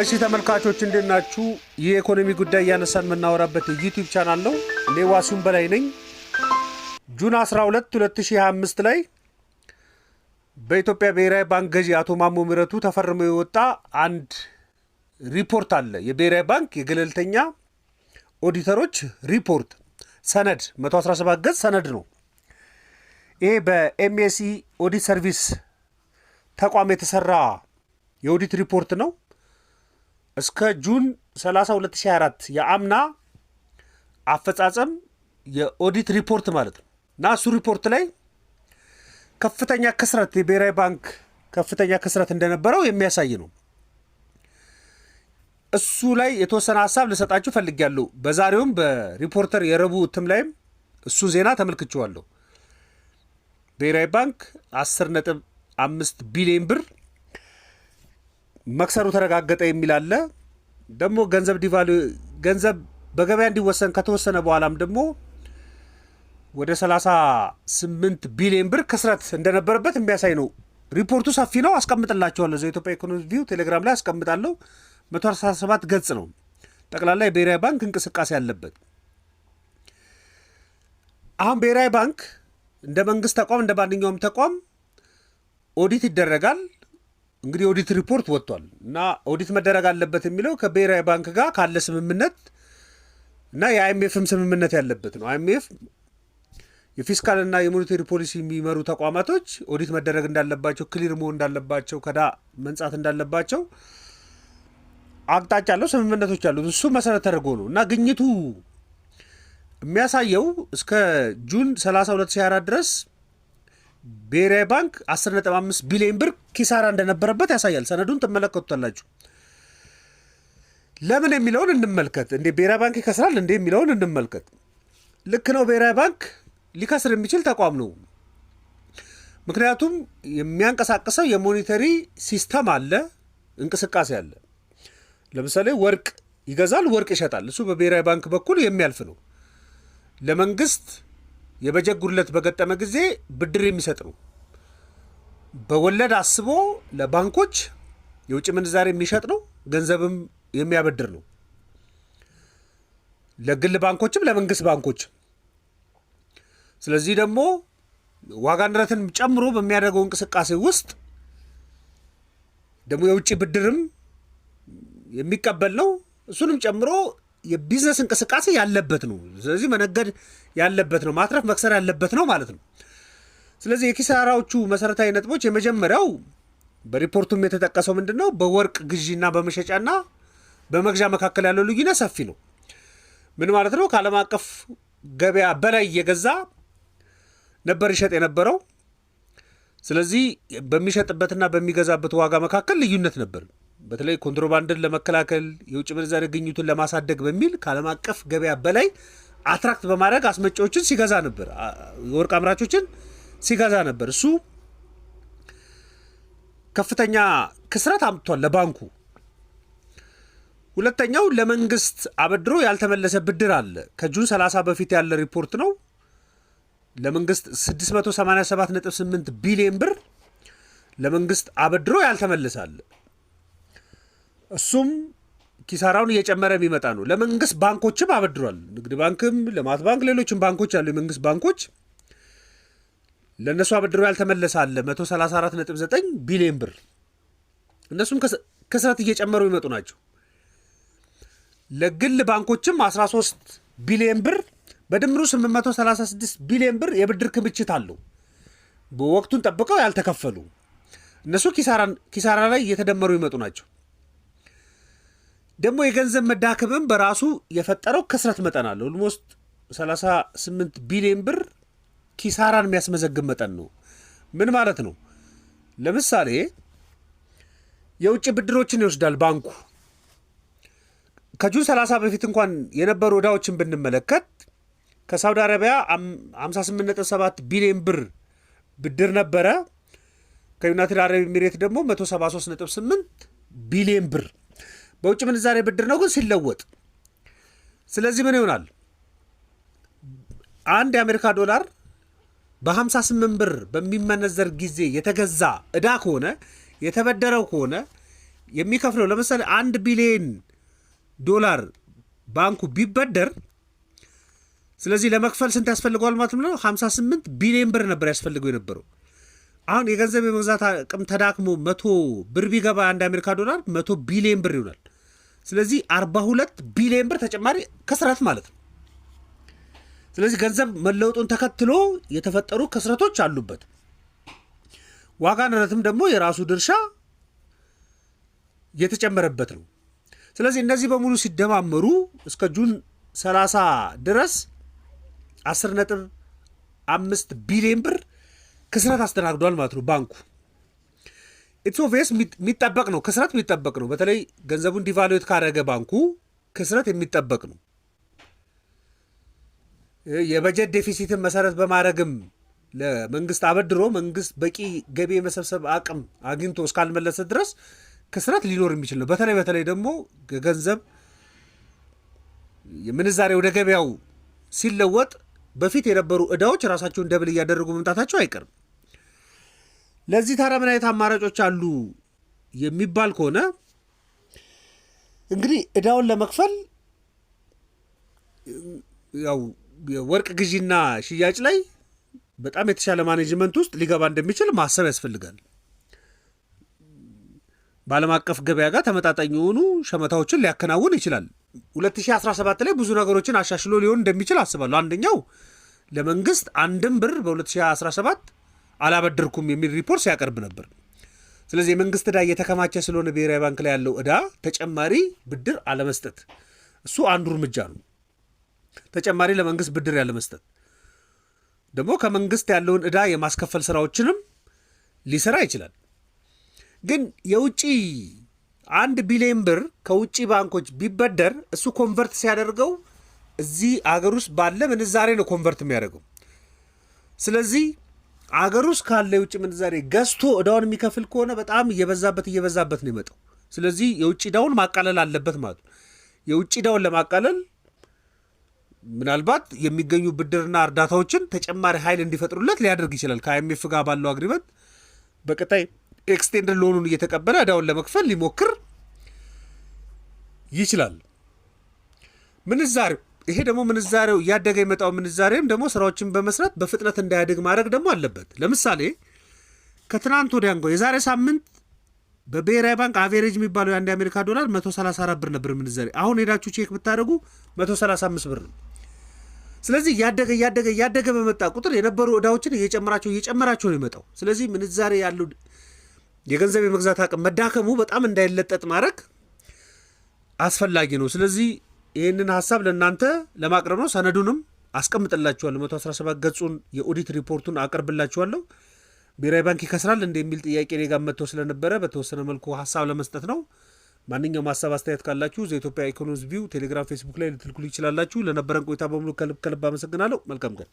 እሺ ተመልካቾች እንዴት ናችሁ? ይህ የኢኮኖሚ ጉዳይ እያነሳን የምናወራበት ዩቲዩብ ቻናል ነው። እኔ ዋሲሁን በላይ ነኝ። ጁን 12 2025 ላይ በኢትዮጵያ ብሔራዊ ባንክ ገዢ አቶ ማሞ ምህረቱ ተፈርሞ የወጣ አንድ ሪፖርት አለ። የብሔራዊ ባንክ የገለልተኛ ኦዲተሮች ሪፖርት ሰነድ 117 ገጽ ሰነድ ነው። ይሄ በኤምኤስኢ ኦዲት ሰርቪስ ተቋም የተሰራ የኦዲት ሪፖርት ነው። እስከ ጁን 30 2024 የአምና አፈጻጸም የኦዲት ሪፖርት ማለት ነው እና እሱ ሪፖርት ላይ ከፍተኛ ክስረት የብሔራዊ ባንክ ከፍተኛ ክስረት እንደነበረው የሚያሳይ ነው። እሱ ላይ የተወሰነ ሀሳብ ልሰጣችሁ ፈልጌያለሁ። በዛሬውም በሪፖርተር የረቡዕ እትም ላይም እሱ ዜና ተመልክችዋለሁ። ብሔራዊ ባንክ 10 ነጥብ አምስት ቢሊዮን ብር መክሰሩ ተረጋገጠ የሚል አለ። ደግሞ ገንዘብ ዲቫሉ ገንዘብ በገበያ እንዲወሰን ከተወሰነ በኋላም ደግሞ ወደ 38 ቢሊዮን ብር ክስረት እንደነበረበት የሚያሳይ ነው። ሪፖርቱ ሰፊ ነው፣ አስቀምጥላችኋለሁ። ዘኢትዮጵያ ኢኮኖሚ ቪው ቴሌግራም ላይ አስቀምጣለሁ። 147 ገጽ ነው ጠቅላላ የብሔራዊ ባንክ እንቅስቃሴ ያለበት። አሁን ብሔራዊ ባንክ እንደ መንግስት ተቋም እንደ ማንኛውም ተቋም ኦዲት ይደረጋል። እንግዲህ ኦዲት ሪፖርት ወጥቷል እና ኦዲት መደረግ አለበት የሚለው ከብሔራዊ ባንክ ጋር ካለ ስምምነት እና የአይኤምኤፍም ስምምነት ያለበት ነው። አይኤምኤፍ የፊስካልና የሞኔተሪ ፖሊሲ የሚመሩ ተቋማቶች ኦዲት መደረግ እንዳለባቸው፣ ክሊር መሆን እንዳለባቸው፣ ከዳ መንጻት እንዳለባቸው አቅጣጫ አለው፣ ስምምነቶች አሉት። እሱ መሰረት ተደርጎ ነው እና ግኝቱ የሚያሳየው እስከ ጁን 30 2024 ድረስ ብሔራዊ ባንክ 15 ቢሊዮን ብር ኪሳራ እንደነበረበት ያሳያል። ሰነዱን ትመለከቱታላችሁ። ለምን የሚለውን እንመልከት። እንዴ ብሔራዊ ባንክ ይከስራል እንዴ የሚለውን እንመልከት። ልክ ነው። ብሔራዊ ባንክ ሊከስር የሚችል ተቋም ነው። ምክንያቱም የሚያንቀሳቅሰው የሞኔተሪ ሲስተም አለ፣ እንቅስቃሴ አለ። ለምሳሌ ወርቅ ይገዛል፣ ወርቅ ይሸጣል። እሱ በብሔራዊ ባንክ በኩል የሚያልፍ ነው ለመንግስት የበጀት ጉድለት በገጠመ ጊዜ ብድር የሚሰጥ ነው። በወለድ አስቦ ለባንኮች የውጭ ምንዛሪ የሚሸጥ ነው፣ ገንዘብም የሚያበድር ነው። ለግል ባንኮችም ለመንግስት ባንኮች ስለዚህ ደግሞ ዋጋ ንረትን ጨምሮ በሚያደርገው እንቅስቃሴ ውስጥ ደግሞ የውጭ ብድርም የሚቀበል ነው። እሱንም ጨምሮ የቢዝነስ እንቅስቃሴ ያለበት ነው። ስለዚህ መነገድ ያለበት ነው፣ ማትረፍ መክሰር ያለበት ነው ማለት ነው። ስለዚህ የኪሳራዎቹ መሰረታዊ ነጥቦች የመጀመሪያው በሪፖርቱም የተጠቀሰው ምንድን ነው? በወርቅ ግዢና በመሸጫና በመግዣ መካከል ያለው ልዩነት ሰፊ ነው። ምን ማለት ነው? ከዓለም አቀፍ ገበያ በላይ የገዛ ነበር ይሸጥ የነበረው። ስለዚህ በሚሸጥበትና በሚገዛበት ዋጋ መካከል ልዩነት ነበር። በተለይ ኮንትሮባንድን ለመከላከል የውጭ ምንዛሪ ግኝቱን ለማሳደግ በሚል ከዓለም አቀፍ ገበያ በላይ አትራክት በማድረግ አስመጪዎችን ሲገዛ ነበር፣ የወርቅ አምራቾችን ሲገዛ ነበር። እሱ ከፍተኛ ክስረት አምጥቷል ለባንኩ። ሁለተኛው ለመንግስት አበድሮ ያልተመለሰ ብድር አለ። ከጁን 30 በፊት ያለ ሪፖርት ነው። ለመንግስት 687.8 ቢሊዮን ብር ለመንግስት አበድሮ አለ። እሱም ኪሳራውን እየጨመረ የሚመጣ ነው። ለመንግስት ባንኮችም አበድሯል። ንግድ ባንክም፣ ልማት ባንክ፣ ሌሎችም ባንኮች አሉ። የመንግስት ባንኮች ለእነሱ አበድሮ ያልተመለሰ አለ 134.9 ቢሊዮን ብር። እነሱም ክስረት እየጨመሩ ይመጡ ናቸው። ለግል ባንኮችም 13 ቢሊዮን ብር በድምሩ 836 ቢሊዮን ብር የብድር ክምችት አለው። በወቅቱን ጠብቀው ያልተከፈሉ እነሱ ኪሳራ ላይ እየተደመሩ ይመጡ ናቸው። ደግሞ የገንዘብ መዳከምም በራሱ የፈጠረው ክስረት መጠን አለ። ኦልሞስት 38 ቢሊዮን ብር ኪሳራን የሚያስመዘግብ መጠን ነው። ምን ማለት ነው? ለምሳሌ የውጭ ብድሮችን ይወስዳል ባንኩ። ከጁን 30 በፊት እንኳን የነበሩ ዕዳዎችን ብንመለከት ከሳውዲ አረቢያ 58.7 ቢሊዮን ብር ብድር ነበረ። ከዩናይትድ አረብ ኤሚሬት ደግሞ 173.8 ቢሊዮን ብር በውጭ ምንዛሬ ብድር ነው ግን ሲለወጥ። ስለዚህ ምን ይሆናል? አንድ የአሜሪካ ዶላር በ58 ብር በሚመነዘር ጊዜ የተገዛ እዳ ከሆነ የተበደረው ከሆነ የሚከፍለው ለምሳሌ አንድ ቢሊዮን ዶላር ባንኩ ቢበደር ስለዚህ ለመክፈል ስንት ያስፈልገዋል ማለት ነው? 58 ቢሊዮን ብር ነበር ያስፈልገው የነበረው። አሁን የገንዘብ የመግዛት አቅም ተዳክሞ መቶ ብር ቢገባ አንድ አሜሪካ ዶላር መቶ ቢሊዮን ብር ይሆናል። ስለዚህ 42 ቢሊዮን ብር ተጨማሪ ክስረት ማለት ነው። ስለዚህ ገንዘብ መለወጡን ተከትሎ የተፈጠሩ ክስረቶች አሉበት። ዋጋ ንረትም ደግሞ የራሱ ድርሻ የተጨመረበት ነው። ስለዚህ እነዚህ በሙሉ ሲደማመሩ እስከ ጁን 30 ድረስ 10 ነጥብ አምስት ቢሊዮን ብር ክስረት አስተናግዷል ማለት ነው ባንኩ። ኢትስ ኦቪየስ የሚጠበቅ ነው፣ ክስረት የሚጠበቅ ነው። በተለይ ገንዘቡን ዲቫሉዌት ካደረገ ባንኩ ክስረት የሚጠበቅ ነው። የበጀት ዴፊሲትን መሰረት በማድረግም ለመንግስት አበድሮ መንግስት በቂ ገቢ የመሰብሰብ አቅም አግኝቶ እስካልመለሰ ድረስ ክስረት ሊኖር የሚችል ነው። በተለይ በተለይ ደግሞ ገንዘብ የምንዛሬ ወደ ገበያው ሲለወጥ በፊት የነበሩ እዳዎች ራሳቸውን ደብል እያደረጉ መምጣታቸው አይቀርም። ለዚህ ታዲያ ምን አይነት አማራጮች አሉ የሚባል ከሆነ እንግዲህ እዳውን ለመክፈል ያው የወርቅ ግዢና ሽያጭ ላይ በጣም የተሻለ ማኔጅመንት ውስጥ ሊገባ እንደሚችል ማሰብ ያስፈልጋል። በዓለም አቀፍ ገበያ ጋር ተመጣጣኝ የሆኑ ሸመታዎችን ሊያከናውን ይችላል። 2017 ላይ ብዙ ነገሮችን አሻሽሎ ሊሆን እንደሚችል አስባለሁ። አንደኛው ለመንግስት አንድም ብር በ2017 አላበደርኩም የሚል ሪፖርት ሲያቀርብ ነበር። ስለዚህ የመንግስት ዕዳ እየተከማቸ ስለሆነ ብሔራዊ ባንክ ላይ ያለው ዕዳ ተጨማሪ ብድር አለመስጠት፣ እሱ አንዱ እርምጃ ነው። ተጨማሪ ለመንግስት ብድር ያለመስጠት ደግሞ ከመንግስት ያለውን ዕዳ የማስከፈል ስራዎችንም ሊሰራ ይችላል። ግን የውጭ አንድ ቢሊዮን ብር ከውጭ ባንኮች ቢበደር እሱ ኮንቨርት ሲያደርገው እዚህ አገር ውስጥ ባለ ምንዛሬ ነው ኮንቨርት የሚያደርገው። ስለዚህ አገር ውስጥ ካለ የውጭ ምንዛሬ ገዝቶ እዳውን የሚከፍል ከሆነ በጣም እየበዛበት እየበዛበት ነው የመጣው። ስለዚህ የውጭ እዳውን ማቃለል አለበት ማለት ነው። የውጭ እዳውን ለማቃለል ምናልባት የሚገኙ ብድርና እርዳታዎችን ተጨማሪ ኃይል እንዲፈጥሩለት ሊያደርግ ይችላል። ከአይኤምኤፍ ጋር ባለው አግሪመንት በቀጣይ ኤክስቴንድ ሎኑን እየተቀበለ እዳውን ለመክፈል ሊሞክር ይችላል። ምንዛሬው ይሄ ደግሞ ምንዛሬው እያደገ የመጣው ምንዛሬም ደግሞ ስራዎችን በመስራት በፍጥነት እንዳያድግ ማድረግ ደግሞ አለበት። ለምሳሌ ከትናንት ወዲያ እንኳ የዛሬ ሳምንት በብሔራዊ ባንክ አቬሬጅ የሚባለው የአንድ የአሜሪካ ዶላር 134 ብር ነበር ምንዛሬ። አሁን ሄዳችሁ ቼክ ብታደርጉ 135 ብር ነው። ስለዚህ እያደገ እያደገ እያደገ በመጣ ቁጥር የነበሩ እዳዎችን እየጨመራቸው እየጨመራቸው ነው የመጣው። ስለዚህ ምንዛሬ ያለው የገንዘብ የመግዛት አቅም መዳከሙ በጣም እንዳይለጠጥ ማድረግ አስፈላጊ ነው። ስለዚህ ይህንን ሀሳብ ለእናንተ ለማቅረብ ነው። ሰነዱንም አስቀምጥላችኋለሁ። 117 ገጹን የኦዲት ሪፖርቱን አቅርብላችኋለሁ። ብሔራዊ ባንክ ይከስራል እንደ የሚል ጥያቄ እኔ ጋር መጥቶ ስለነበረ በተወሰነ መልኩ ሀሳብ ለመስጠት ነው። ማንኛውም ሀሳብ አስተያየት ካላችሁ ዘኢትዮጵያ ኢኮኖሚስ ቪው ቴሌግራም፣ ፌስቡክ ላይ ልትልኩል ይችላላችሁ። ለነበረን ቆይታ በሙሉ ከልብ ከልብ አመሰግናለሁ። መልካም ቀን።